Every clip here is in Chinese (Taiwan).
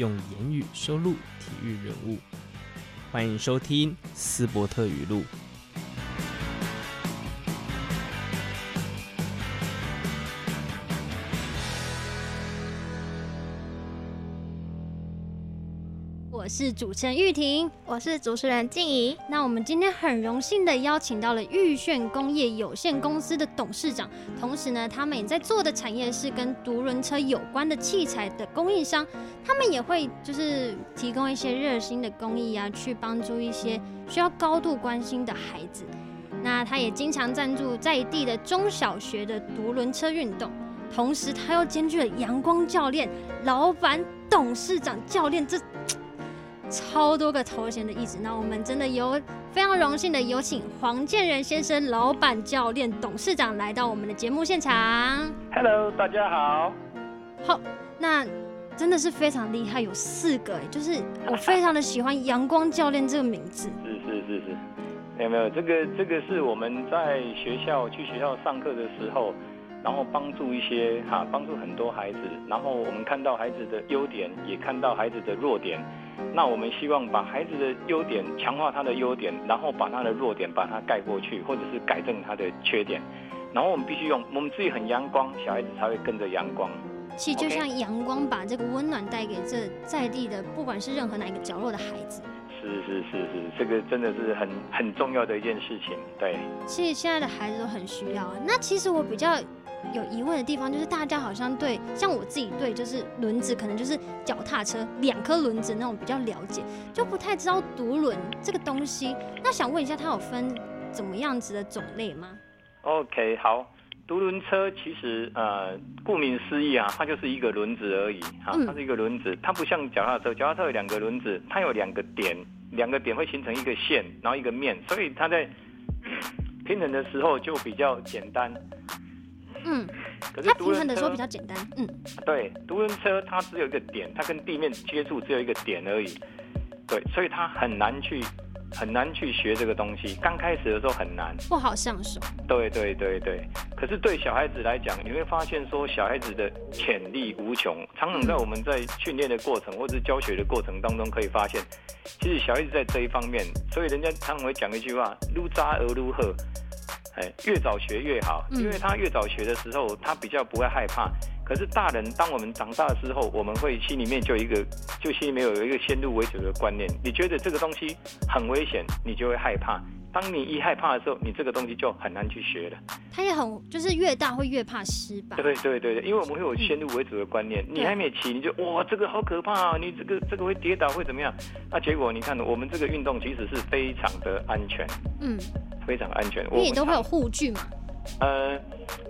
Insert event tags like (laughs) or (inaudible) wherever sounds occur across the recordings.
用言語收錄體育人物，歡迎收聽斯伯特語錄。我是主持人玉婷，我是主持人靜怡。那我們今天很榮幸的邀請到了玉鉉工業有限公司的董事長，同時呢，他們也在做的產業是跟獨輪車有關的器材的供應商。他們也會就是提供一些熱心的公益啊，去幫助一些需要高度關心的孩子。那他也經常贊助在地的中小學的獨輪車運動，同時他又兼具了陽光教練、老闆、董事長、教練這。超多個頭銜的意思。那我們真的有非常榮幸的有請黃建仁先生、老闆、教練、董事長來到我們的節目現場。Hello，大家好。好，那真的是非常厲害，有四個哎，就是我非常的喜歡“陽光教練”這個名字。是是是是，沒有沒有，這個這個是我們在學校去學校上課的時候，然後幫助一些哈，幫助很多孩子，然後我們看到孩子的優點，也看到孩子的弱點。那我們希望把孩子的優點強化他的優點，然後把他的弱點把它蓋過去，或者是改正他的缺點。然後我們必須用我們自己很陽光，小孩子才會跟着陽光。其實就像陽光把這個溫暖帶給這在地的，不管是任何哪一個角落的孩子。是是是是，這個真的是很很重要的一件事情。對，其實現在的孩子都很需要啊。那其實我比較。有疑問的地方就是大家好像對像我自己對就是輪子可能就是腳踏車兩顆輪子那種比較了解，就不太知道獨輪這個東西。那想問一下，它有分怎麼樣子的種類嗎？OK，好，獨輪車其實呃顧名思義啊，它就是一個輪子而已哈，它是一個輪子，它不像腳踏車，腳踏車有兩個輪子，它有兩個點，兩個點會形成一個線，然後一個面，所以它在平衡的時候就比較簡單。嗯，可是他平衡的時候比較簡單。嗯，對，獨輪車它只有一個點，它跟地面接觸只有一個點而已。對，所以他很難去，很難去學這個東西。剛開始的時候很難，不好上手。對對對對。可是對小孩子來講，你會發現說，小孩子的潛力無窮。常常在我們在訓練的過程或者教學的過程當中，可以發現、嗯，其實小孩子在這一方面，所以人家常常會講一句話，如扎而如鶴。哎，越早學越好，因為他越早學的時候，嗯、他比較不會害怕。可是大人，當我們長大的時候，我們會心裡面就一個，就心裡面有一個先入為主的觀念。你覺得這個東西很危險，你就會害怕。當你一害怕的時候，你這個東西就很難去學了。他也很，就是越大會越怕失敗。對對對對，因為我們會有先入為主的觀念。嗯、你還沒騎，你就哇，這個好可怕、啊，你這個這個會跌倒會怎麼樣？那結果你看，我們這個運動其實是非常的安全。嗯。非常安全，我們都會有護具嗎？呃，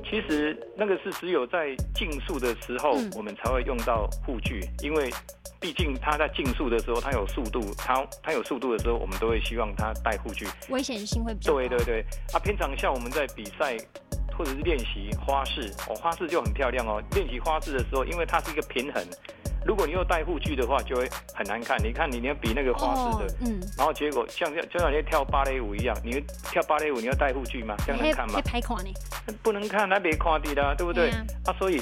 其實那個是只有在競速的時候、嗯，我們才會用到護具，因為畢竟他在競速的時候，他有速度，他他有速度的時候，我們都會希望他戴護具，危險性會比較。對對對，啊，平常像我們在比賽。或者是練習花式哦，花式就很漂亮哦。練習花式的時候，因為它是一個平衡，如果你要戴護具的話，就會很難看。你看你，你要比那個花式的，哦、嗯，然後結果像就像你要跳芭蕾舞一樣，你跳芭蕾舞你要戴護具嗎？這樣能看嗎？欸、拍框、欸、不能看，那別跨地啦，對不對、嗯？啊，所以。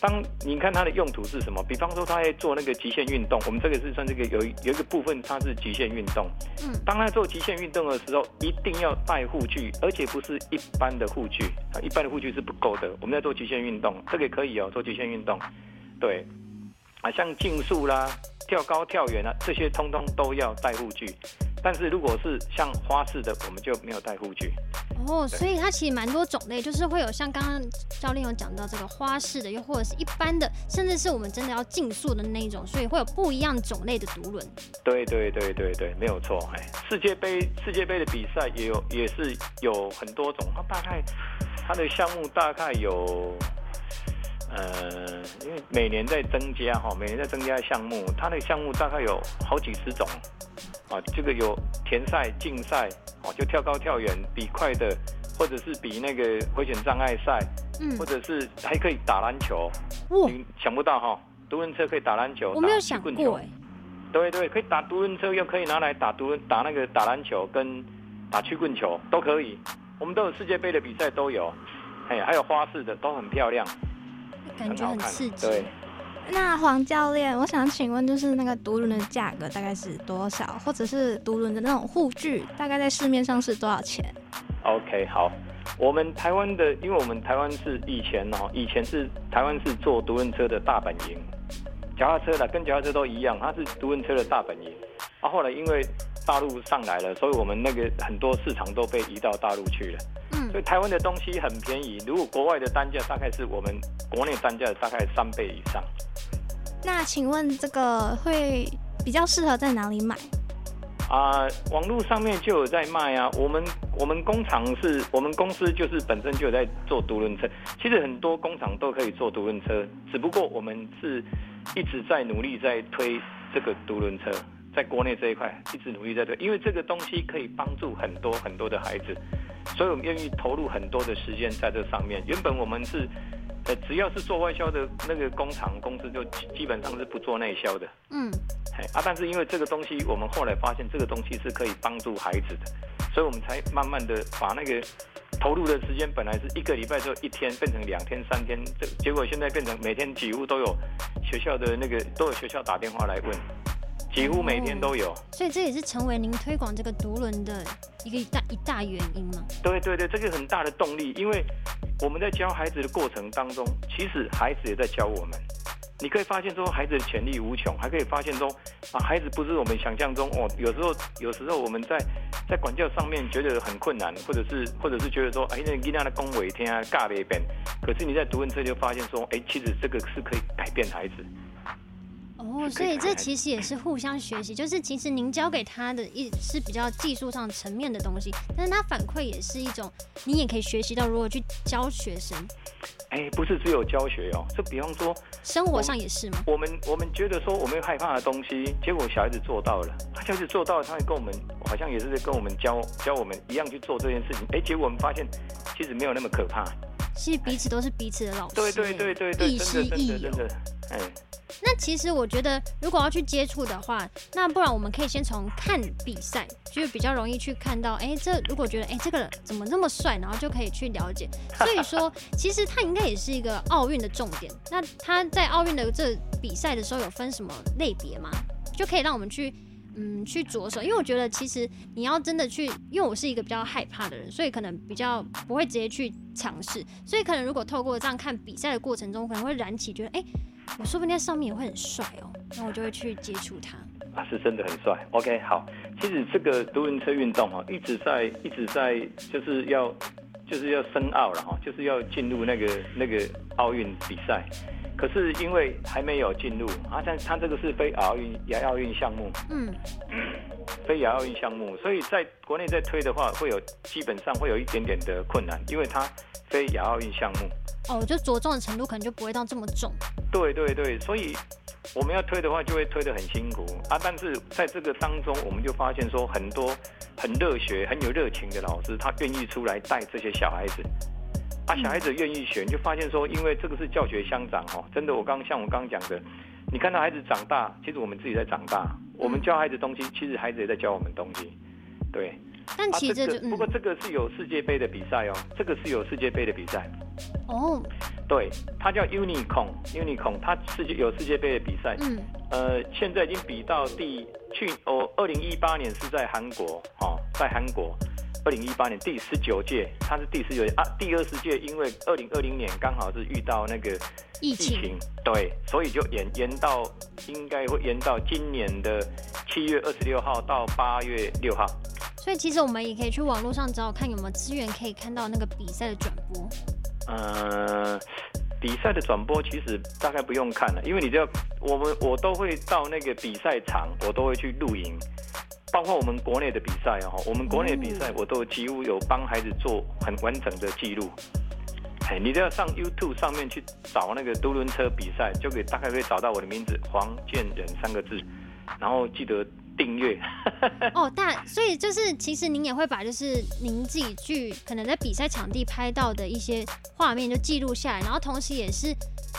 當你看它的用途是什麼？比方說，它在做那個極限運動，我們這個是算這個有有一個部分，它是極限運動。嗯，當他做極限運動的時候，一定要帶護具，而且不是一般的護具啊，一般的護具是不夠的。我們在做極限運動，這個也可以哦，做極限運動，對，啊，像競速啦、跳高、跳遠啊，這些通通都要帶護具。但是如果是像花式的，我們就沒有戴護具。哦、oh，所以它其實蠻多種類，就是會有像剛剛教練有講到這個花式的，又或者是一般的，甚至是我們真的要競速的那一種，所以會有不一樣種類的獨輪。對對對對對，沒有錯。哎、欸，世界杯世界杯的比賽也有，也是有很多種。它大概它的項目大概有，呃，因為每年在增加哈，每年在增加項目，它的項目大概有好幾十種。啊，這個有田賽、徑賽，哦、啊，就跳高、跳遠、比快的，或者是比那個回旋障礙賽，嗯，或者是還可以打籃球、哦。你想不到哈、哦，獨輪車可以打籃球、我沒有想過欸、打曲棍球。對，對對，可以打獨輪車，又可以拿來打獨輪，打那個打籃球跟打曲棍球都可以。我們都有世界杯的比賽都有，哎，還有花式的都很漂亮，感覺很刺激，很好看，對。那黃教練，我想請問，就是那個獨輪的價格大概是多少，或者是獨輪的那種護具，大概在市面上是多少錢？OK，好，我們台灣的，因為我們台灣是以前哦、喔，以前是台灣是做獨輪車的大本營，腳踏車的跟腳踏車都一樣，它是獨輪車的大本營，啊，後來因為大陸上來了，所以我們那個很多市場都被移到大陸去了。所以台灣的東西很便宜，如果國外的單價大概是我們國內單價大概三倍以上。那請問這個會比較適合在哪裡買？啊、呃，網絡上面就有在賣啊。我們我們工廠是我們公司就是本身就有在做獨輪車，其實很多工廠都可以做獨輪車，只不過我們是一直在努力在推這個獨輪車，在國內這一塊一直努力在推，因為這個東西可以幫助很多很多的孩子。所以我們願意投入很多的時間在這上面。原本我們是，呃，只要是做外銷的那個工廠公司，就基本上是不做內銷的。嗯。哎啊，但是因為這個東西，我們後來發現這個東西是可以幫助孩子的，所以我們才慢慢的把那個投入的時間，本來是一個禮拜只有一天，變成兩天、三天。這結果現在變成每天幾乎都有學校的那個都有學校打電話來問。幾乎每天都有，所以這也是成為您推廣這個獨輪的一個一大一大原因嘛？對對對，這個很大的動力，因為我們在教孩子的過程當中，其實孩子也在教我們。你可以發現說孩子的潛力無窮，還可以發現說啊，孩子不是我們想象中哦。有時候有時候我們在在管教上面覺得很困難，或者是或者是覺得說哎那給娜的恭維天啊尬別一遍，可是你在獨輪車就發現說哎、欸，其實這個是可以改變孩子。哦、所以這其實也是互相學習，就是其實您教給他的一是比較技術上層面的東西，但是他反饋也是一種，你也可以學習到如何去教學生。哎、欸，不是只有教學哦、喔，就比方說生活上也是嗎？我們我們覺得說我們害怕的東西，結果小孩子做到了，他小孩子做到了，他也跟我們好像也是跟我們教教我們一樣去做這件事情，哎、欸，結果我們發現其實沒有那麼可怕。其實彼此都是彼此的老師、欸，對對對對對，亦師亦友。那其實我覺得，如果要去接觸的話，那不然我們可以先從看比賽，就比較容易去看到，哎、欸，這如果覺得，哎、欸，這個人怎麼那麼帥，然後就可以去了解。所以說，其實他應該也是一個奧運的重點。那他在奧運的這比賽的時候有分什麼類別嗎？就可以讓我們去。嗯，去着手，因為我覺得其實你要真的去，因為我是一個比較害怕的人，所以可能比較不會直接去嘗試。所以可能如果透過這樣看比賽的過程中，可能會燃起覺得，哎、欸，我說不定在上面也會很帥哦、喔，那我就會去接觸他。啊，是真的很帥。OK，好，其實這個獨輪車運動哈，一直在一直在就是要就是要申奧了哈，就是要進、就是、入那個那個奧運比賽。可是因為還沒有進入啊，但是它這個是非亞奧運亞奧運項目，嗯，非亞奧運項目，所以在國內在推的話，會有基本上會有一點點的困難，因為它非亞奧運項目。哦，我覺得着重的程度可能就不會到這麼重。對對對，所以我們要推的話，就會推得很辛苦啊。但是在這個當中，我們就發現說，很多很熱血、很有熱情的老師，他願意出來帶這些小孩子。啊，小孩子願意學，就發現說，因為這個是教學相長哦。真的我剛，我剛像我剛剛講的，你看到孩子長大，其實我們自己在長大。我們教孩子東西，其實孩子也在教我們東西，對。但其實不過這個是有世界杯的比賽哦，這個是有世界杯的比賽。哦。對，它叫 Unicong，Unicong，它是有世界杯的比賽。嗯。呃，現在已經比到第去哦，二零一八年是在韓國哦，在韓國。二零一八年第十九屆，它是第十九屆啊，第二十屆，因為二零二零年剛好是遇到那個疫情，疫情對，所以就延延到應該會延到今年的七月二十六號到八月六號。所以其實我們也可以去網絡上找看有沒有資源可以看到那個比賽的轉播。呃，比賽的轉播其實大概不用看了，因為你知道我們我都會到那個比賽場，我都會去錄影。包括我們國內的比賽哦，我們國內的比賽我都幾乎有幫孩子做很完整的記錄。哎，你都要上 YouTube 上面去找那個獨輪車比賽，就可以大概可以找到我的名字，黃建仁三個字，然後記得。訂閱 (laughs) 哦，但所以就是其實您也會把就是您自己去可能在比賽場地拍到的一些畫面就記錄下來，然後同時也是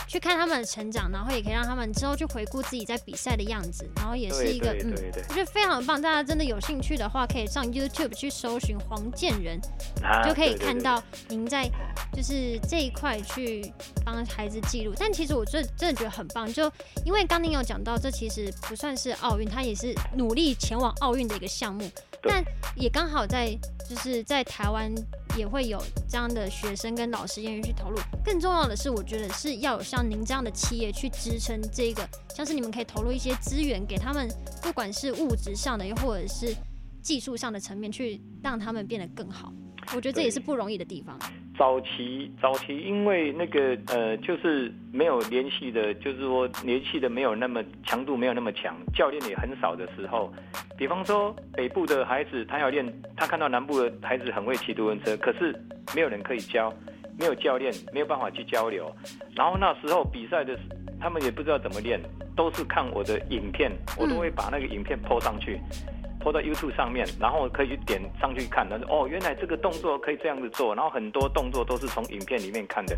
去看他們的成長，然後也可以讓他們之後去回顧自己在比賽的樣子，然後也是一個對對對對對。嗯，我覺得非常棒。大家真的有興趣的話，可以上 YouTube 去搜尋黃健仁，啊，就可以看到您在就是這一塊去幫孩子記錄。但其實我真真的覺得很棒，就因為剛您有講到，這其實不算是奧運，它也是。努力前往奧運的一個項目，但也剛好在就是在台灣也會有這樣的學生跟老師願意去投入。更重要的是，我覺得是要有像您這樣的企業去支撐這一個，像是你們可以投入一些資源給他們，不管是物質上的，又或者是技術上的層面，去讓他們變得更好。我覺得這也是不容易的地方。早期，早期因為那個呃，就是沒有聯繫的，就是說聯繫的沒有那麼強度，沒有那麼強，教練也很少的時候。比方說，北部的孩子他要練，他看到南部的孩子很會騎獨輪車，可是沒有人可以教，沒有教練，沒有辦法去交流。然後那時候比賽的，他們也不知道怎麼練，都是看我的影片，我都會把那個影片 PO 上去。拖到 YouTube 上面，然後可以去點上去看。然後說：“哦，原來這個動作可以這樣子做。”然後很多動作都是從影片裡面看的。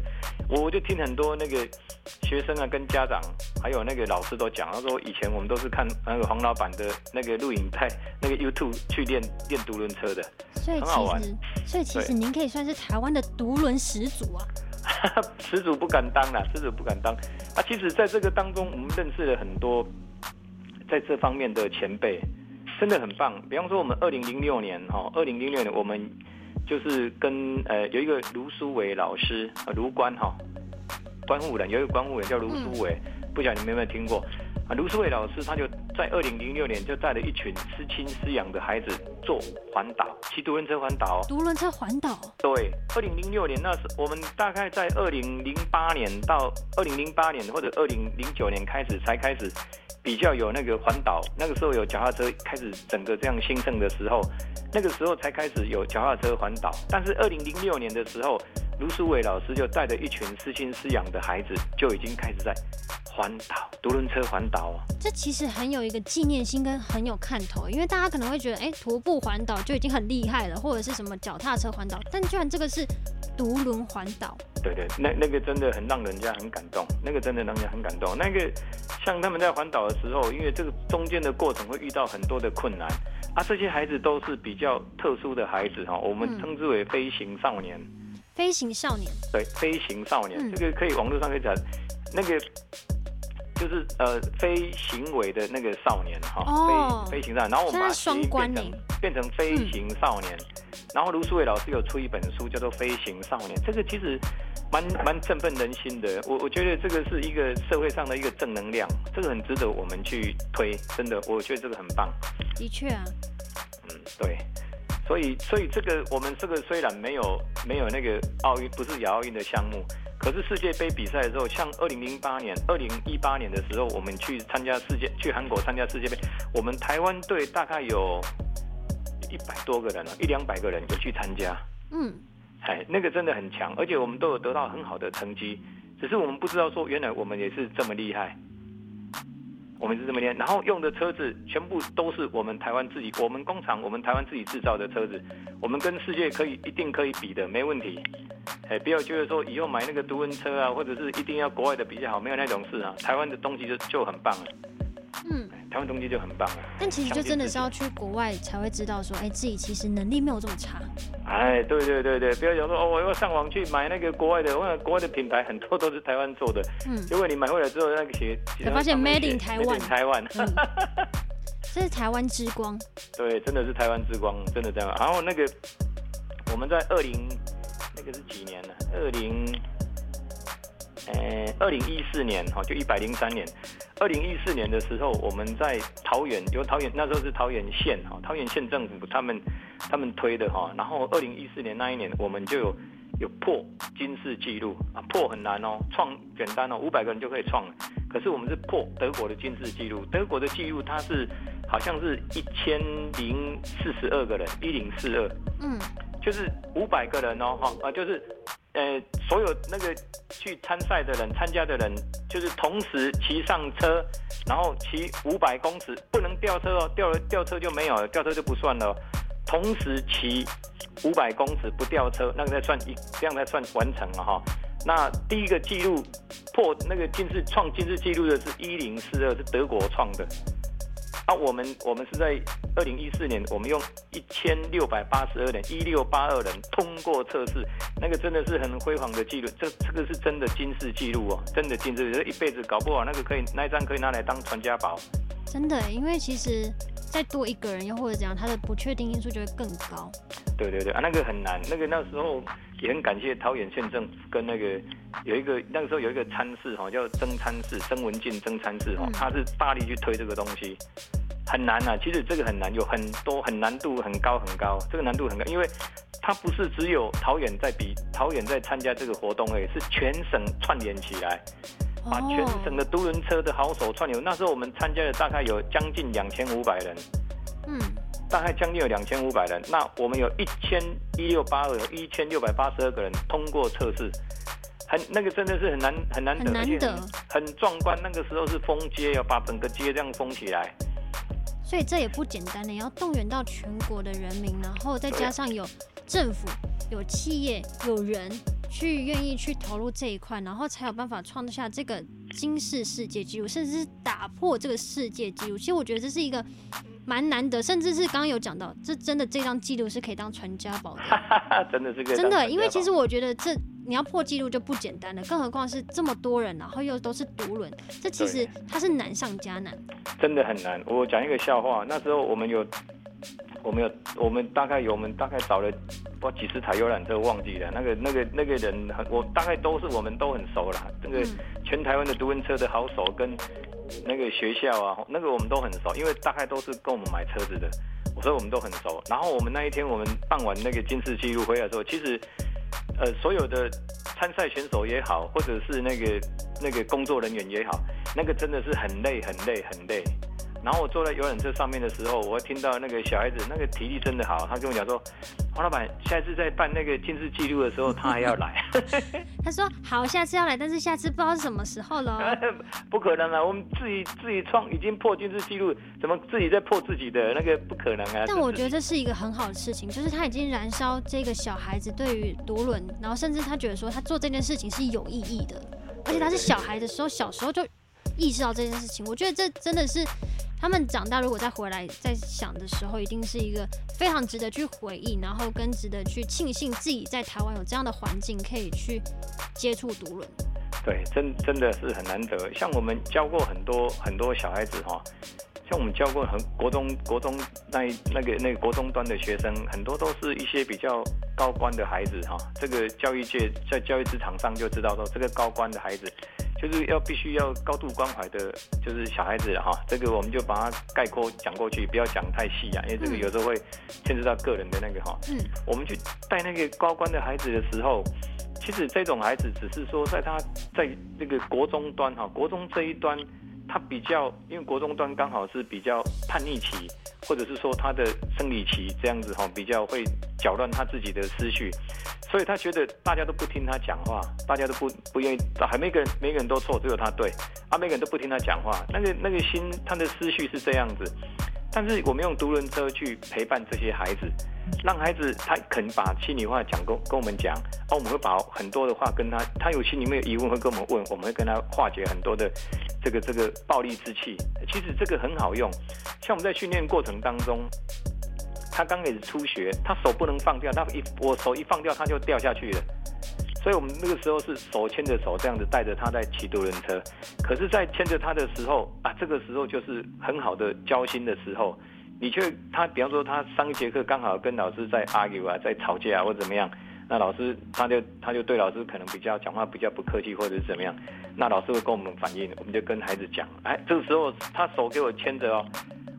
我我就聽很多那個學生啊、跟家長，還有那個老師都講，他說：“以前我們都是看那個黃老闆的那個錄影帶、那個 YouTube 去練練獨輪車的，所以很好玩。”所以其實您可以算是台灣的獨輪始祖啊！ (laughs) 始祖不敢當啦，始祖不敢當。啊，其實在這個當中，我們認識了很多在這方面的前輩。真的很棒，比方說我們二零零六年，哈，二零零六年我們就是跟呃有一個盧蘇偉老師，呃、盧關哈，觀護人，有一個觀護人叫盧蘇偉，嗯、不曉得你們有沒有聽過？啊，盧書偉老師他就在二零零六年就帶了一群失親失養的孩子做環島，騎獨輪車環島。獨輪車環島，對。二零零六年那時，我們大概在二零零八年到二零零八年或者二零零九年開始才開始比較有那個環島，那個時候有腳踏車開始整個這樣興盛的時候，那個時候才開始有腳踏車環島。但是二零零六年的時候，盧書偉老師就帶着一群失親失養的孩子就已經開始在。環島，獨輪車環島啊。這其實很有一個紀念性跟很有看頭，因為大家可能會覺得，哎、欸，徒步環島就已經很厲害了，或者是什麼腳踏車環島，但居然這個是獨輪環島。對，對對，那那個真的很讓人家很感動，那個真的讓人家很感動。那個像他們在環島的時候，因為這個中間的過程會遇到很多的困難啊，這些孩子都是比較特殊的孩子哈、嗯，我們稱之為飛行少年、嗯。飛行少年。對，飛行少年，嗯、這個可以網路上可以講那個。就是呃，非行為的那個少年哈，非、哦、非、哦、行少年，然後我們把雙變成雙變成飛行少年。嗯、然後盧書偉老師有出一本書，叫做《飛行少年》，這個其實蠻蠻振奮人心的。我我覺得這個是一個社會上的一個正能量，這個很值得我們去推。真的，我覺得這個很棒。的確啊。嗯，對。所以，所以這個我們這個雖然沒有沒有那個奧運，不是亞奧運的項目，可是世界杯比賽的時候，像二零零八年、二零一八年的時候，我們去參加世界去韓國參加世界杯，我們台灣隊大概有一百多個人啊，一兩百個人就去參加，嗯，哎，那個真的很強，而且我們都有得到很好的成績，只是我們不知道說原來我們也是這麼厲害。我們是這麼練，然後用的車子全部都是我們台灣自己，我們工廠，我們台灣自己製造的車子，我們跟世界可以一定可以比的，沒問題。哎，不要覺得說以後買那個獨輪車啊，或者是一定要國外的比較好，沒有那種事啊，台灣的東西就就很棒啊。嗯。台灣東西就很棒了，但其實就真的是要去國外才會知道說，說、欸、哎，自己其實能力沒有這麼差。嗯、哎，對對對對，不要想說哦，我要上網去買那個國外的，我想國外的品牌很多都是台灣做的。嗯，如果你買回來之後，那個鞋，我發現 Made in Taiwan，台灣，哈、嗯、這是台灣之光。 (laughs) 對，真的是台灣之光，真的這樣。然後那個我們在二零，那個是幾年呢？二零、欸，呃，二零一四年，好，就一百零三年。二零一四年的時候，我們在桃園，有桃園那時候是桃園縣哈，桃園縣政府他們他們推的哈，然後二零一四年那一年，我們就有有破金氏紀錄啊，破很難哦，創簡單哦，五百個人就可以創了。可是我們是破德國的金氏紀錄，德國的紀錄它是好像是一千零四十二個人，一零四二，嗯，就是五百個人哦哈，啊就是。呃，所有那個去參賽的人、參加的人，就是同時騎上車，然後騎五百公尺，不能掉車哦，掉了掉車就沒有，掉車就不算了。同時騎五百公尺不掉車，那個才算一，這樣才算完成了、哦、哈。那第一個記錄破那個金氏創金氏紀錄的是一零四二，是德國創的。啊，我們我們是在二零一四年，我們用一千六百八十二人、一六八二人通過測試，那個真的是很輝煌的記錄，這這個是真的金氏記錄哦，真的金氏，這、就是、一輩子搞不好那個可以那一張可以拿來當傳家寶。真的，因為其實再多一個人，又或者怎樣，他的不確定因素就會更高。對對對啊，那個很難。那個那時候也很感謝桃園縣政府跟那個有一個那個時候有一個參事哈，叫曾參事曾文進曾參事哈，他、嗯、是大力去推這個東西，很難啊。其實這個很難，有很多，很難度很高很高，這個難度很高，因為他不是只有桃園在比，桃園在參加這個活動而已，是全省串聯起來。把全省的獨輪車的好手串流，那時候我們參加了，大概有將近兩千五百人。嗯，大概將近有兩千五百人。那我們有一千一六八二，有一千六百八十二個人通過測試，很那個真的是很難很難得，很壯觀。那個時候是封街，要把整個街這樣封起來。所以這也不簡單呢，的要動員到全國的人民，然後再加上有政府、有企業、有人。去願意去投入這一塊，然後才有辦法創下這個金氏世界紀錄，甚至是打破這個世界紀錄。其實我覺得這是一個蠻難得，甚至是剛剛有講到，這真的這張紀錄是可以當傳家寶的。 (laughs) 真的這個真的，因為其實我覺得這你要破紀錄就不簡單了，更何況是這麼多人，然後又都是獨輪，這其實它是難上加難。真的很難。我講一個笑話，那時候我們有，我們有，我們大概有，我們大概找了哇幾十台遊覽車，忘記了那個那個那個人很，我大概都是我們都很熟啦。那個全台灣的獨輪車的好手跟那個學校啊，那個我們都很熟，因為大概都是跟我們買車子的，所以我們都很熟。然後我們那一天我們傍晚那個金氏紀錄回來之後，其實呃所有的參賽選手也好，或者是那個那個工作人員也好，那個真的是很累很累很累，很累然後我坐在遊覽車上面的時候，我聽到那個小孩子那個體力真的好，他跟我講說，黃老板，下次再辦那個金氏紀錄的時候，他還要來。 (laughs) 他說好，下次要來，但是下次不知道是什麼時候嘍。 (laughs) 不可能了，我們自己自己創已經破金氏紀錄，怎麼自己在破自己的那個不可能啊？但我覺得這是一個很好的事情，就是他已經燃燒這個小孩子對於獨輪，然後甚至他覺得說他做這件事情是有意義的，而且他是小孩的時候小時候就意識到這件事情，我覺得這真的是。他們長大如果再回來再想的時候，一定是一個非常值得去回憶，然後跟值得去慶幸自己在台灣有這樣的環境可以去接觸獨輪。對，真真的是很難得。像我們教過很多很多小孩子哈，像我們教過很國中國中那那個那個國中端的學生，很多都是一些比較高官的孩子哈。這個教育界在教育職場上就知道說，這個高官的孩子。就是要必須要高度關懷的，就是小孩子了哈。這個我們就把它概括講過去，不要講太細啊，因為這個有時候會牽涉到個人的那個哈。嗯，我們去帶那個高關的孩子的時候，其實這種孩子只是說在他在那個國中端哈，國中這一端，他比較，因為國中端剛好是比較叛逆期，或者是說他的生理期這樣子吼，比較會攪亂他自己的思緒，所以他覺得大家都不聽他講話，大家都不不願意，還，啊，每個人每個人都錯，只有他對啊，每個人都不聽他講話，那個那個心他的思緒是這樣子。但是我們用獨輪車去陪伴這些孩子，讓孩子他肯把心裡話講跟跟我們講，哦，我們會把很多的話跟他，他有心裡面有疑問會跟我們問，我們會跟他化解很多的這個這個暴力之氣。其實這個很好用，像我們在訓練過程當中，他剛開始初學，他手不能放掉，那一我手一放掉，他就掉下去了。所以，我們那個時候是手牽着手，這樣子帶着他在騎獨輪車。可是，在牽着他的時候啊，這個時候就是很好的交心的時候。你卻他，比方說他上一節課剛好跟老師在 argue 啊，在吵架啊，或者怎麼樣，那老師他就他就對老師可能比較講話比較不客氣，或者是怎麼樣，那老師會跟我們反映，我們就跟孩子講，哎，這個時候他手給我牽着哦，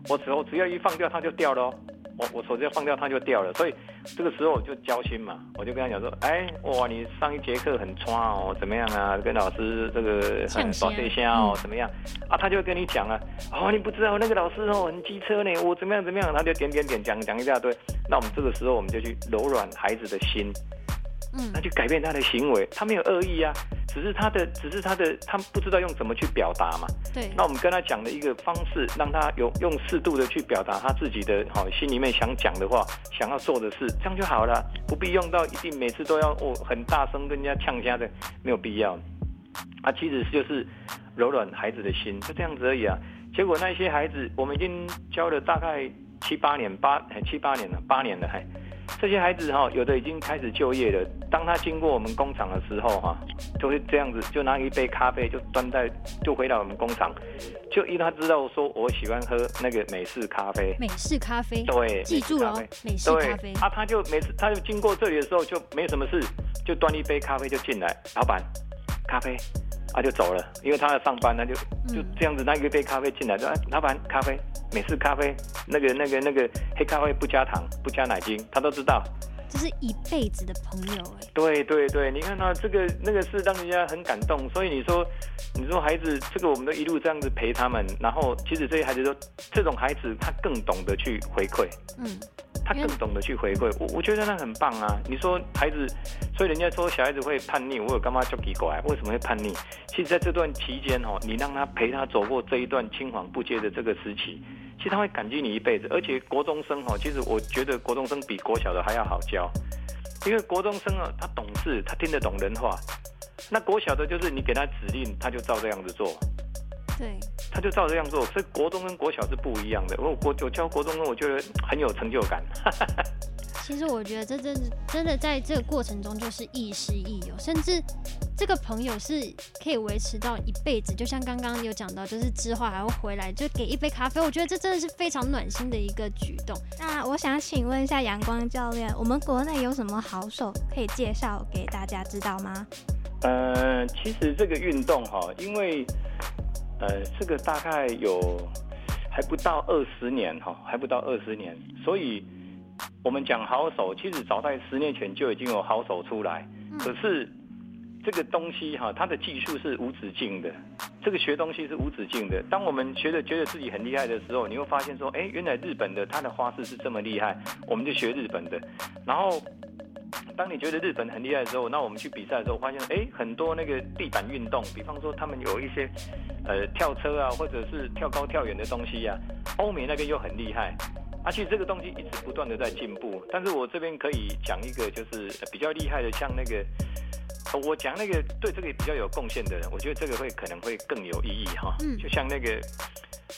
我手只要一放掉，他就掉了哦。我我手機放掉，他就掉了，所以這個時候我就交心嘛，我就跟他講說，哎，哇，你上一節課很穿哦，怎麼樣啊？跟老師這個很搞對象哦，怎麼樣？啊，他就跟你講啊，哦，你不知道那個老師哦很機車呢，我怎麼樣怎麼樣，他就點點點講講一下。對，那我們這個時候我們就去柔軟孩子的心。那就改變他的行為，他沒有惡意啊，只是他的，只是他的，他不知道用怎麼去表達嘛。對，那我們跟他講的一個方式，讓他有用用適度的去表達他自己的好、哦、心裡面想講的話，想要做的事，這樣就好了，不必用到一定每次都要哦很大聲跟人家嗆聲的，沒有必要。啊，其實就是柔軟孩子的心，就這樣子而已啊。結果那些孩子，我們已經教了大概七八年，八七八年了，八年了，還。這些孩子哈、哦，有的已經開始就業了。當他經過我們工廠的時候哈、啊，就會、是、這樣子，就拿一杯咖啡就端在，就回到我們工廠，就因為他知道說我喜歡喝那個美式咖啡。美式咖啡，對，記住了、哦、美、美式咖啡。對，他、啊、他就每次他就經過這裡的時候就沒什麼事，就端一杯咖啡就進來，老闆，咖啡。他、啊、就走了，因為他要上班，那就就這樣子拿一杯咖啡進來說：“哎、嗯，老、啊、板，咖啡，美式咖啡，那個那個那個黑咖啡不加糖，不加奶精。”他都知道，這是一輩子的朋友哎、欸。對對對，你看他這個那個事讓人家很感動，所以你說，你說孩子這個我們都一路這樣子陪他們，然後其實這些孩子都這種孩子他更懂得去回饋，嗯。他更懂得去回饋我，我覺得那很棒啊。你說孩子，所以人家說小孩子會叛逆，我有幹嘛教給過來？為什麼會叛逆？其實在這段期間哦，你讓他陪他走過這一段青黃不接的這個時期，其實他會感激你一輩子。而且國中生哦，其實我覺得國中生比國小的還要好教，因為國中生哦，他懂事，他聽得懂人話。那國小的，就是你給他指令，他就照這樣子做。對。他就照這樣做，所以國中跟國小是不一樣的。我我教國中，我覺得很有成就感。 (laughs) 其實我覺得這真的真的在這個過程中就是亦師亦友，甚至這個朋友是可以維持到一輩子。就像剛剛有講到，就是之後還會回來就給一杯咖啡，我覺得這真的是非常暖心的一個舉動。那我想請問一下陽光教練，我們國內有什麼好手可以介紹給大家知道嗎？呃，其實這個運動哈，因為。呃，這個大概有還不到二十年哈，還不到二十年，所以我們講好手，其實早在十年前就已經有好手出來。可是這個東西哈，它的技術是無止境的，這個學東西是無止境的。當我們覺得覺得自己很厲害的時候，你會發現說，哎，原來日本的他的花式是這麼厲害，我們就學日本的，然後。當你覺得日本很厲害的時候，那我們去比賽的時候，發現哎、欸，很多那個地板運動，比方說他們有一些，呃，跳車啊，或者是跳高、跳遠的東西啊，歐美那邊又很厲害，啊，其實這個東西一直不斷的在進步。但是我這邊可以講一個，就是、呃、比較厲害的，像那個，我講那個對這個比較有貢獻的人，我覺得這個會可能會更有意義哈。嗯。就像那個，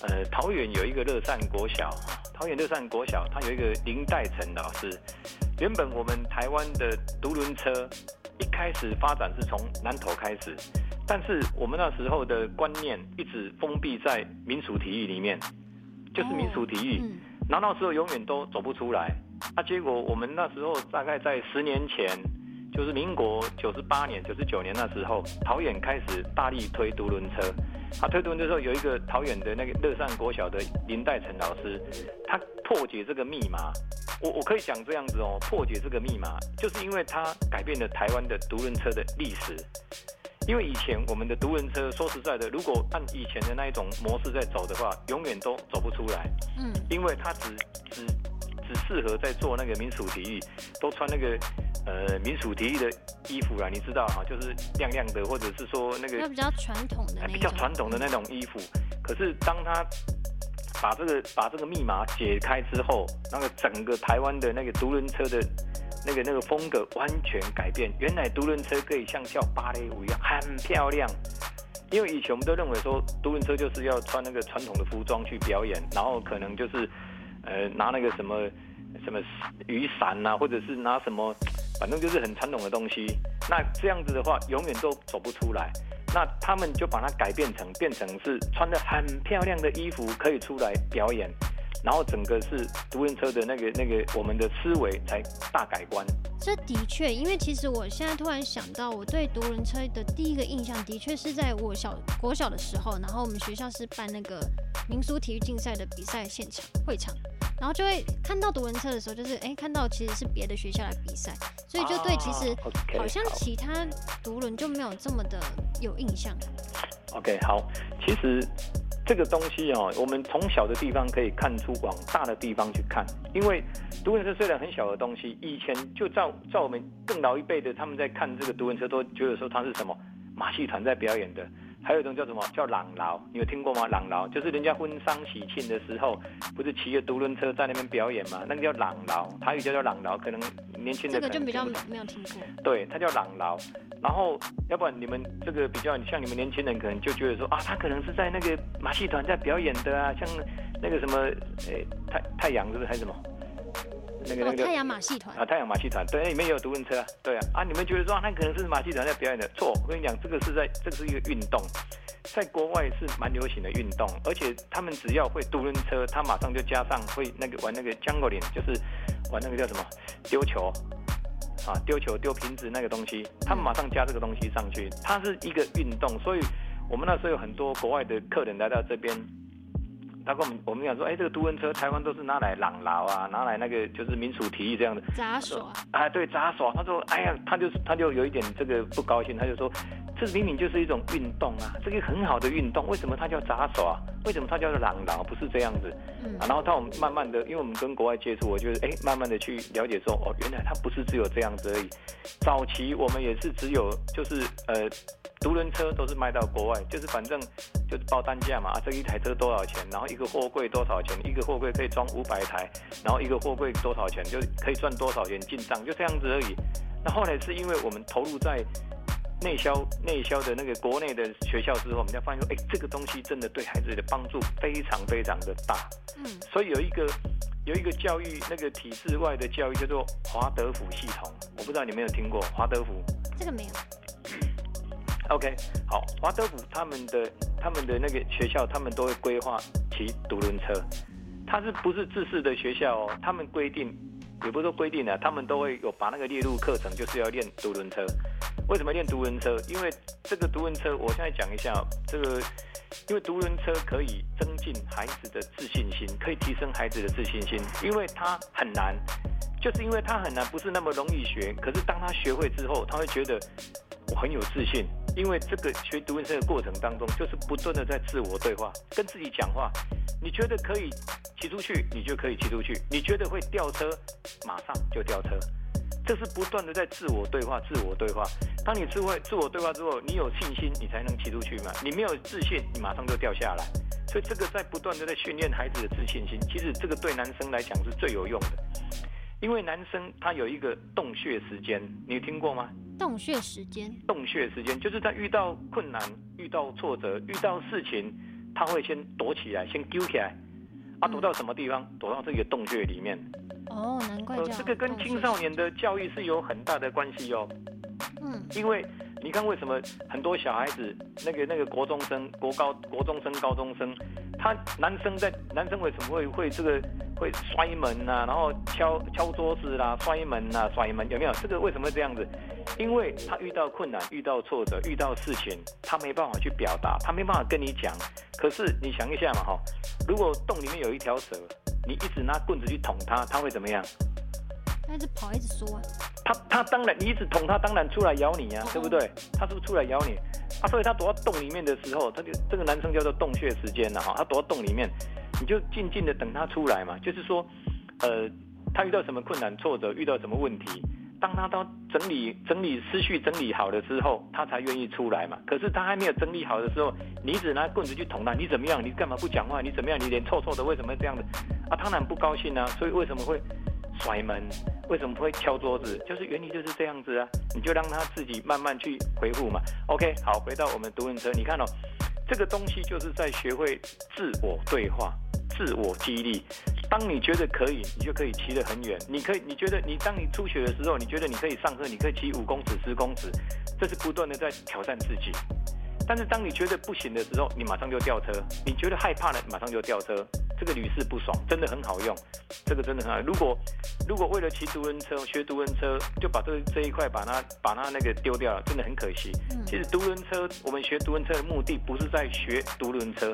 呃，桃園有一個樂善國小，桃園樂善國小，他有一個林代成老師。原本我們台灣的獨輪車一開始發展是從南投開始，但是我們那時候的觀念一直封閉在民俗體育裡面，就是民俗體育，然後那時候永遠都走不出來。啊，結果我們那時候大概在十年前，就是民國九十八年、九十九年那時候，桃園開始大力推獨輪車。他推獨輪車的時候，有一個桃園的那個樂善國小的林代成老師，他破解這個密碼。我我可以講這樣子哦、喔，破解這個密碼，就是因為它改變了台灣的獨輪車的歷史。因為以前我們的獨輪車，說實在的，如果按以前的那一種模式在走的話，永遠都走不出來。嗯，因為它只只只適合在做那個民俗體育，都穿那個呃民俗體育的衣服啦，你知道啊，就是亮亮的，或者是說那個比較傳統的，比較傳統的那種衣服。可是當它把這個把這個密碼解開之後，那個整個台灣的那個獨輪車的那個那個風格完全改變。原來獨輪車可以像跳芭蕾舞一樣，很漂亮。因為以前我們都認為說獨輪車就是要穿那個傳統的服裝去表演，然後可能就是呃拿那個什麼什麼雨傘啊，或者是拿什麼，反正就是很傳統的東西。那這樣子的話，永遠都走不出來。那他們就把它改變成，變成是穿的很漂亮的衣服，可以出來表演。然後整個是獨輪車的那個那個我們的思維才大改觀。這的確，因為其實我現在突然想到，我對獨輪車的第一個印象的確是在我小國小的時候，然後我們學校是辦那個民俗體育競賽的比賽現場會場，然後就會看到獨輪車的時候，就是哎看到其實是別的學校來比賽，所以就對其實、啊、okay, 好像其他獨輪就沒有這麼的有印象。OK，好，其實。這個東西哦，我們從小的地方可以看出往大的地方去看，因為獨輪車雖然很小的東西，以前就照照我們更老一輩的，他們在看這個獨輪車，都覺得說它是什麼馬戲團在表演的。還有一種叫什麼叫朗勞，你有聽過嗎？朗勞就是人家婚喪喜慶的時候，不是騎着獨輪車在那邊表演嗎？那個叫朗勞，台語叫叫朗勞，可能年輕的可能、這個、就比較沒有聽過。對，它叫朗勞。然後，要不然你們這個比較像你們年輕人，可能就覺得說啊，他可能是在那個馬戲團在表演的啊，像那個什麼，欸、太太陽是不是還是什麼？那個那個叫、哦、太陽馬戲團啊，太陽馬戲團，對，那裡面也有獨輪車，對啊，啊，你們覺得說、啊、那可能是馬戲團在表演的？錯，我跟你講，這個是在這個是一個運動，在國外是蠻流行的運動，而且他們只要會獨輪車，他馬上就加上會那個玩那個 juggling 就是玩那個叫什麼丟球。啊，丟球丟瓶子那個東西，他們馬上加這個東西上去。嗯，它是一個運動，所以我們那時候有很多國外的客人來到這邊。他說：“我們我們講說，哎、欸，這個獨輪車台灣都是拿來朗勞啊，拿來那個就是民俗技藝，這樣的雜耍啊，對雜耍。”他說：“哎呀，他就他就有一點這個不高興，他就說，這明明就是一種運動啊，這個很好的運動，為什麼它叫雜耍啊？為什麼它叫做朗勞？不是這樣子。嗯啊”然後到我們慢慢的，因為我們跟國外接觸，我覺得，哎、欸，慢慢的去了解說，哦，原來它不是只有這樣子而已。早期我們也是只有就是呃。獨輪車都是賣到國外，就是反正就是報單價嘛，啊，這一台車多少錢，然後一個貨櫃多少錢，一個貨櫃可以裝五百台，然後一個貨櫃多少錢，就可以賺多少錢進賬，就這樣子而已。那後來是因為我們投入在內銷內銷的那個國內的學校之後，我們才發現說，哎，這個東西真的對孩子的幫助非常非常的大。嗯，所以有一個有一個教育那個體制外的教育叫做華德福系統，我不知道你有沒有聽過華德福。這個沒有。OK，好，華德福他們的他們的那個學校，他們都會規劃騎獨輪車。他是不是自私的學校哦？他們規定，也不是說規定啊，他們都會有把那個列入課程，就是要練獨輪車。為什麼練獨輪車？因為這個獨輪車，我現在講一下這個，因為獨輪車可以增進孩子的自信心，可以提升孩子的自信心，因為他很難，就是因為他很難，不是那麼容易學。可是當他學會之後，他會覺得。我很有自信，因為這個學獨輪車的過程當中，就是不斷的在自我對話，跟自己講話。你覺得可以騎出去，你就可以騎出去；你覺得會掉車，馬上就掉車。這是不斷的在自我對話，自我對話。當你智慧自我對話之後，你有信心，你才能騎出去嘛。你沒有自信，你馬上就掉下來。所以這個在不斷的在訓練孩子的自信心。其實這個對男生來講是最有用的，因為男生他有一個洞穴時間，你有聽過嗎？洞穴時間，洞穴時間就是在遇到困難、遇到挫折、遇到事情，他會先躲起來，先揪起來、嗯，啊，躲到什麼地方？躲到這個洞穴裡面。哦，難怪、呃、這個跟青少年的教育是有很大的關係哦。嗯，因為你看為什麼很多小孩子，那個那個國中生、國高、國中生、高中生。他男生在男生為什麼會會這個會摔門啊，然後敲敲桌子啦，摔門啊，摔門有沒有？這個為什麼會這樣子？因為他遇到困難、遇到挫折、遇到事情，他沒辦法去表達，他沒辦法跟你講。可是你想一下嘛，哈，如果洞裡面有一條蛇，你一直拿棍子去捅他，他會怎麼樣？他一直跑，一直說啊。他他當然，你一直捅他，當然出來咬你呀、啊，oh. 對不對？他是不是出來咬你？啊，所以他躲到洞裡面的時候，他就這個男生叫做洞穴時間了哈。他躲到洞裡面，你就靜靜的等他出來嘛。就是說，呃，他遇到什麼困難挫折，遇到什麼問題，當他到整理整理思緒整理好的時候，他才願意出來嘛。可是他還沒有整理好的時候，你一直拿棍子去捅他，你怎麼樣？你幹嘛不講話？你怎麼樣？你臉臭臭的，為什麼會這樣的？啊，當然不高興啊。所以為什麼會？甩門，為什麼不會敲桌子？就是原理就是這樣子啊，你就讓他自己慢慢去回復嘛。OK，好，回到我們獨輪車，你看哦，這個東西就是在學會自我對話、自我激勵。當你覺得可以，你就可以騎得很遠。你可以，你覺得你當你初學的時候，你覺得你可以上車，你可以騎五公尺、十公尺，這是不斷的在挑戰自己。但是當你覺得不行的時候，你馬上就掉車；你覺得害怕了，馬上就掉車。這個屢試不爽，真的很好用，這個真的很好用。如果如果為了騎獨輪車學獨輪車，就把這個、這一塊把它把它那個丟掉了，真的很可惜。嗯、其實獨輪車，我們學獨輪車的目的不是在學獨輪車，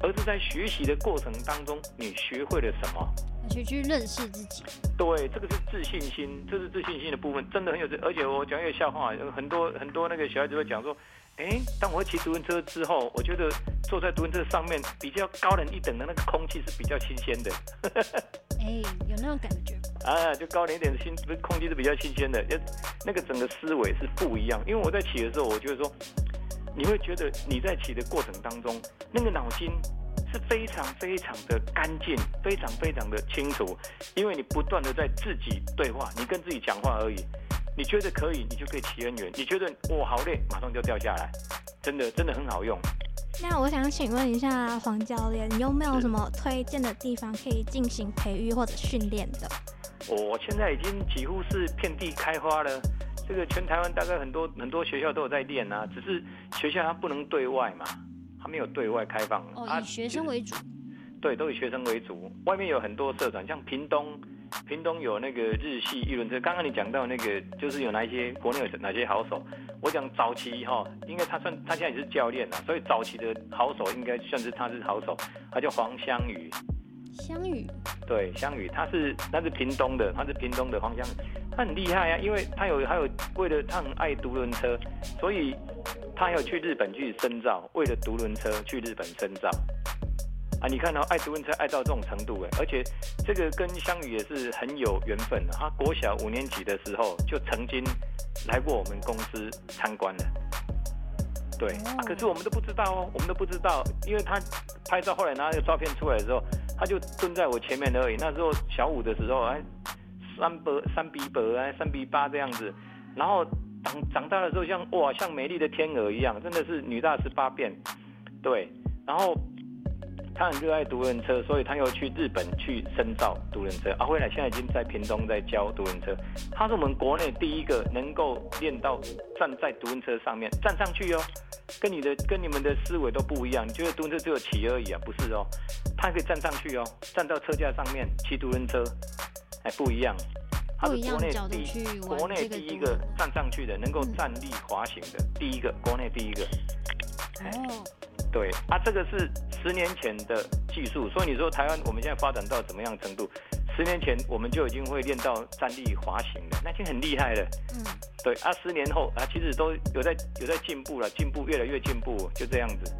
而是在學習的過程當中，你學會了什麼？學去認識自己。對，這個是自信心，這是自信心的部分，真的很有。而且我講一個笑話，很多很多那個小孩子會講說。哎，當我會騎獨輪車之後，我覺得坐在獨輪車上面比較高人一等的那個空氣是比較新鮮的。哎，有那種感覺。啊，就高人一點的空氣是比較新鮮的。那個整個思維是不一樣，因為我在騎的時候，我覺得說，你會覺得你在騎的過程當中，那個腦筋是非常非常的乾淨，非常非常的清楚，因為你不斷的在自己對話，你跟自己講話而已。你覺得可以，你就可以騎很遠；你覺得哇好累，馬上就掉下來。真的，真的很好用。那我想請問一下黃教練，你有沒有什麼推薦的地方可以進行培育或者訓練的？我、哦、現在已經幾乎是遍地開花了。這個全台灣大概很多很多學校都有在練啊，只是學校它不能對外嘛，它沒有對外開放。哦，以學生為主。就是、對，都以學生為主。外面有很多社長，像屏東。屏東有那個日系一輪車，剛剛你講到那個，就是有哪一些國內有哪些好手？我講早期哈，因為他算他現在也是教練啊，所以早期的好手應該算是他是好手，他叫黃湘宇。湘宇？對，湘宇，他是那是屏東的，他是屏東的黃湘宇，他很厲害啊，因為他有還有為了他，他很愛獨輪車，所以他要去日本去深造，為了獨輪車去日本深造。啊，你看到愛獨輪才愛到這種程度哎，而且這個跟香雨也是很有緣分的。他國小五年級的時候就曾經來過我們公司參觀了，對、嗯啊。可是我們都不知道哦，我們都不知道，因為他拍照後來拿那個照片出來的時候，他就蹲在我前面而已。那時候小五的時候，哎，三比三比百，哎，三比八這樣子。然後長長大的時候像，像哇，像美麗的天鵝一樣，真的是女大十八變，對。然後。他很熱愛獨輪車，所以他又去日本去深造獨輪車阿輝、啊，來現在已經在屏東在教獨輪車。他是我們國內第一個能夠練到站在獨輪車上面站上去哦。跟你的跟你們的思維都不一樣，你覺得獨輪車只有騎而已啊？不是哦，他可以站上去哦，站到車架上面騎獨輪車，哎，不一樣。他是國內第一一國內第一個站上去的，能夠站立滑行的、嗯、第一個，國內第一個。哦、哎。Oh. 對啊，這個是十年前的技術，所以你說台灣我們現在發展到怎麼樣程度？十年前我們就已經會練到站立滑行了，那已經很厲害了。嗯，對啊，十年後啊，其實都有在有在進步了，進步越來越進步，就這樣子。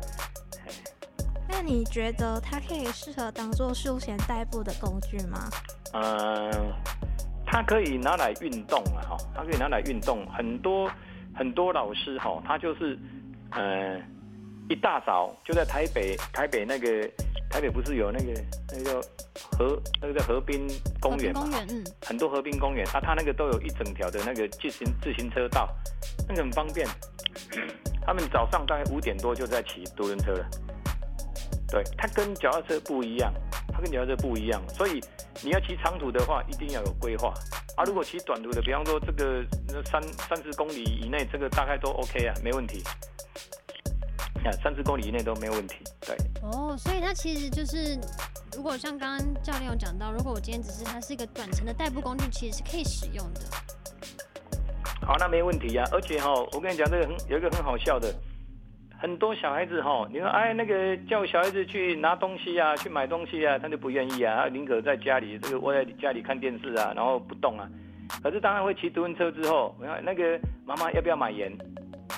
那你覺得它可以適合當做休閒代步的工具嗎？嗯、呃，它可以拿來運動啊，哈，它可以拿來運動，很多很多老師哈，他就是嗯。呃一大早就在台北，台北那個台北不是有那個那個河那個叫河濱公園嘛，河濱公園，嗯，很多河濱公園啊，他那個都有一整條的那個自行自行車道，那個很方便。他們早上大概五點多就在騎獨輪車了。對，它跟腳踏車不一樣，它跟腳踏車不一樣，所以你要騎長途的話一定要有規劃。啊，如果騎短途的，比方說這個三三十公里以內，這個大概都 OK 啊，沒問題。三十公里以內都沒有問題。對哦，所以它其實就是，如果像剛剛教練有講到，如果我今天只是它是一個短程的代步工具，其實是可以使用的。好、哦，那沒問題呀、啊。而且哈、哦，我跟你講，這個很有一個很好笑的，很多小孩子哈、哦，你說哎那個叫小孩子去拿東西啊，去買東西啊，他就不願意啊，他寧可在家裡這個窩在家裡看電視啊，然後不動啊。可是當然會騎獨輪車之後，你看那個媽媽要不要買鹽？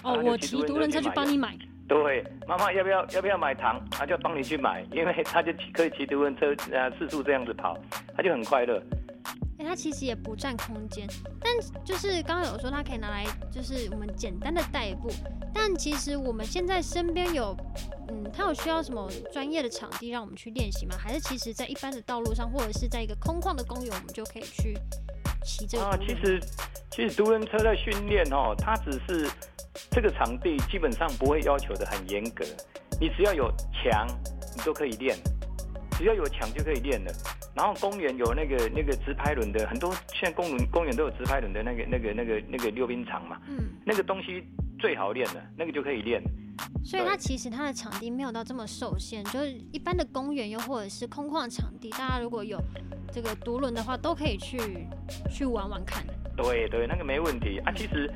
哦，騎我騎獨輪車去幫你買。都會，媽媽要不要要不要買糖？他、啊、就幫你去買，因為他就可以騎獨輪車，啊，四處這樣子跑，他就很快樂、欸。他其實也不佔空間，但就是剛剛有說他可以拿來，就是我們簡單的代步。但其實我們現在身邊有，嗯，他有需要什麼專業的場地讓我們去練習嗎？還是其實在一般的道路上，或者是在一個空曠的公園，我們就可以去騎這個獨輪？啊，其實其實獨輪車在訓練哦，它只是。這個場地基本上不會要求的很嚴格，你只要有牆，你都可以練，只要有牆就可以練了。然後公園有那個那個直排輪的，很多現在公園公園都有直排輪的那個那個那個那個溜冰場嘛，嗯，那個東西最好練了，那個就可以練。所以它其實它的場地沒有到這麼受限，就是一般的公園又或者是空曠場地，大家如果有這個獨輪的話，都可以去去玩玩看。對對，那個沒問題、嗯、啊，其實。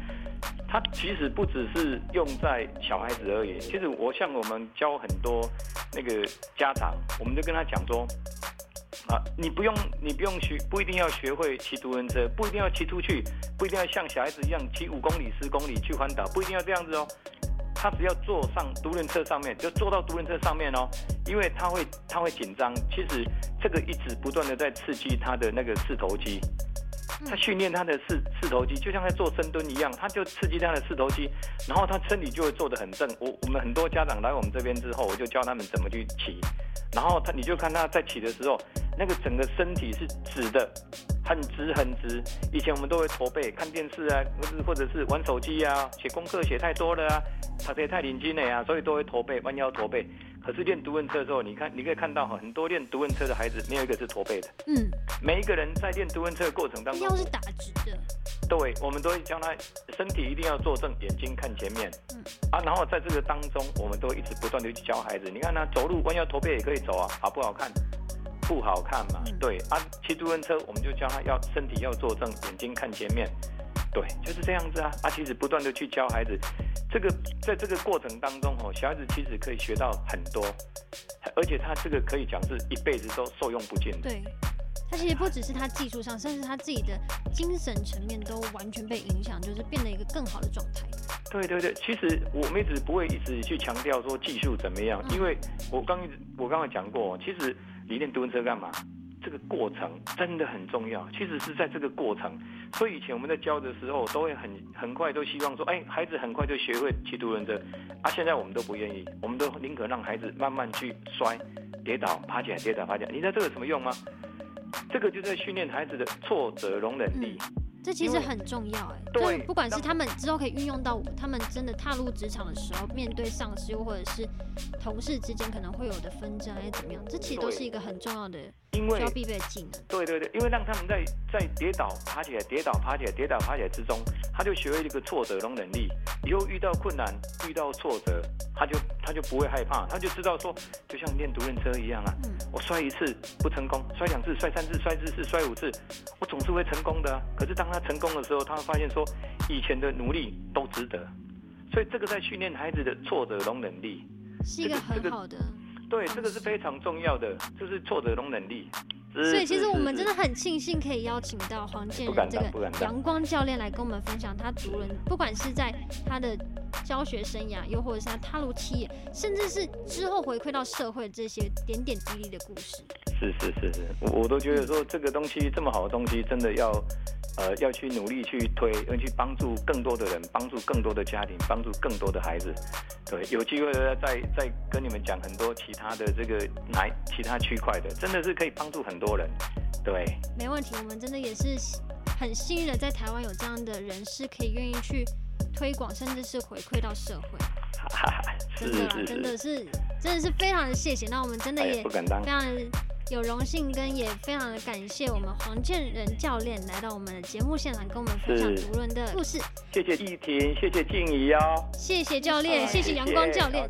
他其實不只是用在小孩子而已。其實我像我們教很多那個家長，我們就跟他講說，啊，你不用你不用學，不一定要學會騎獨輪車，不一定要騎出去，不一定要像小孩子一樣騎五公里十公里去環島，不一定要這樣子哦。他只要坐上獨輪車上面，就坐到獨輪車上面哦，因為他會他會緊張。其實這個一直不斷的在刺激他的那個四頭肌。嗯、他訓練他的四四頭肌，就像在做深蹲一樣，他就刺激他的四頭肌，然後他身體就會坐得很正。我我們很多家長來我們這邊之後，我就教他們怎麼去騎。然後他你就看他在騎的時候，那個整個身體是直的，很直很直。以前我們都會駝背，看電視啊，或者或者是玩手機啊，寫功課寫太多了啊，他這也太領勁了呀，啊，所以都會駝背，彎腰駝背。可是練獨輪車的時候，你看，你可以看到很多練獨輪車的孩子沒有一個是駝背的。嗯，每一個人在練獨輪車的過程當中，都是打直的。對，我們都會教他身體一定要坐正，眼睛看前面。嗯、啊，然後在這個當中，我們都一直不斷的去教孩子，你看他走路彎腰駝背也可以走啊，好不好看？不好看嘛。嗯、對，啊，騎獨輪車我們就教他要身體要坐正，眼睛看前面。對，就是這樣子啊。他、啊、其實不斷的去教孩子，這個在這個過程當中哦，小孩子其實可以學到很多，而且他這個可以講是一輩子都受用不盡的。對，他其實不只是他技術上，甚至他自己的精神層面都完全被影響，就是變得一個更好的狀態。對對對，其實我們一直不會一直去強調說技術怎麼樣，嗯、因為我剛我剛才講過，其實你練獨輪車幹嘛？這個過程真的很重要，其實是在這個過程。所以以前我們在教的時候，都會很很快都希望說，哎、欸，孩子很快就學會騎獨輪車，啊，現在我們都不願意，我們都寧可讓孩子慢慢去摔、跌倒、爬起來、跌倒、爬起來。你知道這個有什麼用嗎？這個就在訓練孩子的挫折容忍力。嗯這其實很重要、欸，哎，對，不管是他們之後可以運用到，他們真的踏入職場的時候，面對上司，又或者是同事之間可能會有的紛爭，還是怎麼樣，這其實都是一個很重要的，需要必備的技能，對。對對對，因為讓他們在在跌倒爬起來，跌倒爬起來，跌倒爬起來之中，他就學會一個挫折的能力。以後遇到困難，遇到挫折，他就他就不會害怕，他就知道說，就像練獨輪車一樣啊，嗯，我摔一次不成功，摔兩次，摔三次，摔一次，摔四次，摔五次，我總是會成功的啊。可是當他成功的時候，他會發現說以前的努力都值得，所以這個在訓練孩子的挫折容忍力是一個很好的、這個，對，這個是非常重要的，嗯、就是挫折容忍力。所以其實我們真的很慶幸可以邀請到黃建仁這個陽光教練來跟我們分享他逐人，不管是在他的教學生涯，又或者是他踏入企業，甚至是之後回饋到社會這些點點滴滴的故事。是是是是，我都覺得說這個東西這麼好的東西，真的要，呃，要去努力去推，要去幫助更多的人，幫助更多的家庭，幫助更多的孩子。對，有機會再再跟你們講很多其他的這個來其他區塊的，真的是可以幫助很多人。對，沒問題，我們真的也是很幸運的，在台灣有這樣的人士可以願意去推廣，甚至是回饋到社會。哈、啊、哈，真的啦，真的，是，是，真的是，是，真的是非常的謝謝。那我們真的也非常有榮幸，跟也非常的感謝我們黃健仁教練來到我們的節目現場，跟我們分享獨輪的故事。謝謝依婷，謝謝靜怡哦，謝謝教練，啊，謝謝陽光教練。